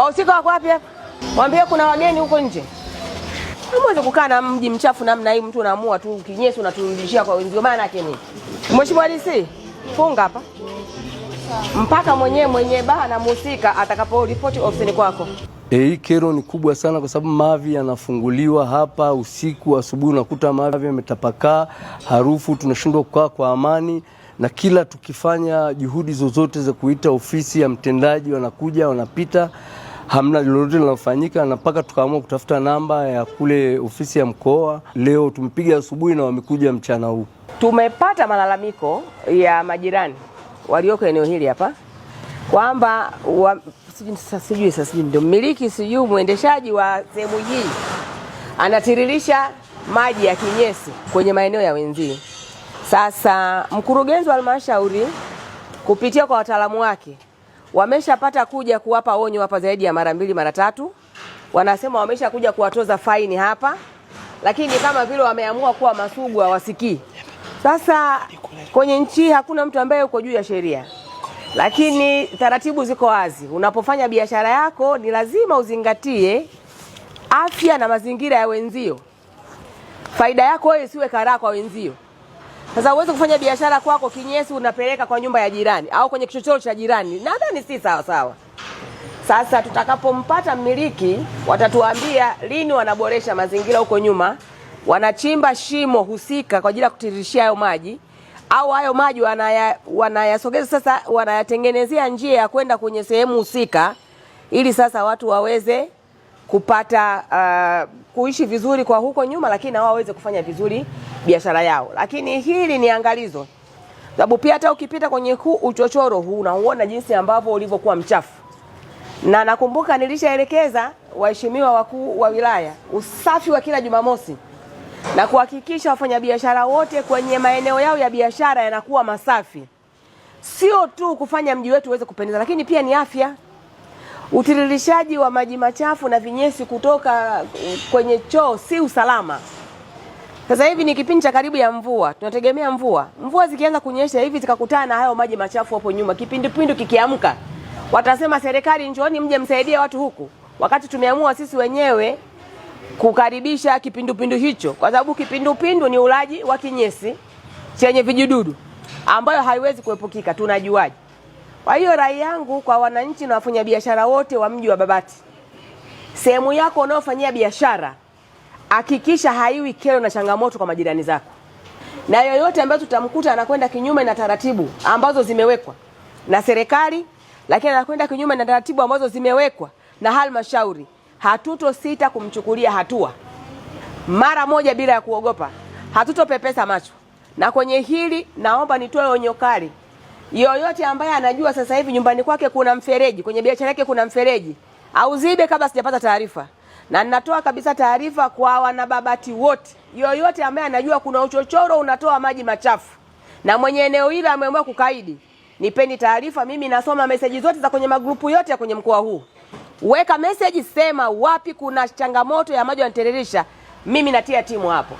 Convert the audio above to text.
Wahusika wako wapi hapa? Mwambie kuna wageni huko nje. Hamwezi kukaa na mji mchafu namna hii, mtu anaamua tu kinyesi unaturudishia kwa wenzio, maana yake ni Mheshimiwa DC, funga hapa mpaka mwenyewe mwenye baa na mhusika atakaporipoti ofisini kwako. Hii kero ni kubwa sana, kwa sababu mavi yanafunguliwa hapa usiku, asubuhi unakuta mavi yametapakaa, harufu, tunashindwa kukaa kwa amani na kila tukifanya juhudi zozote za kuita ofisi ya mtendaji, wanakuja wanapita hamna lolote linalofanyika, na mpaka tukaamua kutafuta namba ya kule ofisi ya mkoa. Leo tumepiga asubuhi na wamekuja mchana huu. Tumepata malalamiko ya majirani walioko eneo hili hapa kwamba sijui sasa, sijui ndio mmiliki, sijui mwendeshaji wa sehemu hii anatiririsha maji ya kinyesi kwenye maeneo ya wenzii Sasa mkurugenzi wa halmashauri kupitia kwa wataalamu wake wameshapata kuja kuwapa onyo hapa zaidi ya mara mbili mara tatu, wanasema wamesha kuja kuwatoza faini hapa, lakini kama vile wameamua kuwa masugu hawasikii. Sasa kwenye nchi hakuna mtu ambaye uko juu ya sheria, lakini taratibu ziko wazi. Unapofanya biashara yako ni lazima uzingatie afya na mazingira ya wenzio. Faida yako wewe isiwe karaa kwa wenzio. Sasa uweze kufanya biashara kwako kinyesi unapeleka kwa nyumba ya jirani au kwenye kichochoro cha jirani, nadhani si sawa sawa. Sasa tutakapompata mmiliki, watatuambia lini wanaboresha mazingira huko nyuma, wanachimba shimo husika kwa ajili ya kutiririshia hayo maji au hayo maji wanayasogeza, sasa wanayatengenezea njia ya kwenda kwenye sehemu husika, ili sasa watu waweze kupata uh, kuishi vizuri kwa huko nyuma, lakini na wao waweze kufanya vizuri biashara yao. Lakini hili ni angalizo, sababu pia hata ukipita kwenye huu uchochoro huu unauona jinsi ambavyo ulivyokuwa mchafu, na nakumbuka nilishaelekeza waheshimiwa wakuu wa wilaya usafi wa kila Jumamosi na kuhakikisha wafanyabiashara wote kwenye maeneo yao ya biashara yanakuwa masafi, sio tu kufanya mji wetu uweze kupendeza, lakini pia ni afya. Utiririshaji wa maji machafu na vinyesi kutoka eh, kwenye choo si usalama. Sasa hivi ni kipindi cha karibu ya mvua, tunategemea mvua. Mvua zikianza kunyesha hivi zikakutana na hayo maji machafu hapo nyuma, kipindupindu kikiamka, watasema serikali, njooni mje msaidie watu huku, wakati tumeamua sisi wenyewe kukaribisha kipindupindu hicho, kwa sababu kipindupindu ni ulaji wa kinyesi chenye vijidudu ambayo haiwezi kuepukika. Tunajuaje? Kwa hiyo rai yangu kwa wananchi na wafanyabiashara wote wa mji wa Babati, sehemu yako unayofanyia biashara hakikisha haiwi kero na changamoto kwa majirani zako, na yoyote ambayo tutamkuta anakwenda kinyume na taratibu ambazo zimewekwa na serikali, lakini anakwenda kinyume na taratibu ambazo zimewekwa na halmashauri, hatutosita kumchukulia hatua mara moja bila ya kuogopa, hatutopepesa macho. Na kwenye hili naomba nitoe onyo kali yoyote ambaye anajua sasa hivi nyumbani kwake kuna mfereji, kwenye biashara yake kuna mfereji, auzibe kabla sijapata taarifa. Na ninatoa kabisa taarifa kwa wanababati wote, yoyote ambaye anajua kuna uchochoro unatoa maji machafu na mwenye eneo hili ameamua kukaidi, nipeni taarifa. Mimi nasoma meseji zote za kwenye magrupu yote ya kwenye mkoa huu. Weka meseji, sema wapi kuna changamoto ya maji yanatiririsha, mimi natia timu hapo.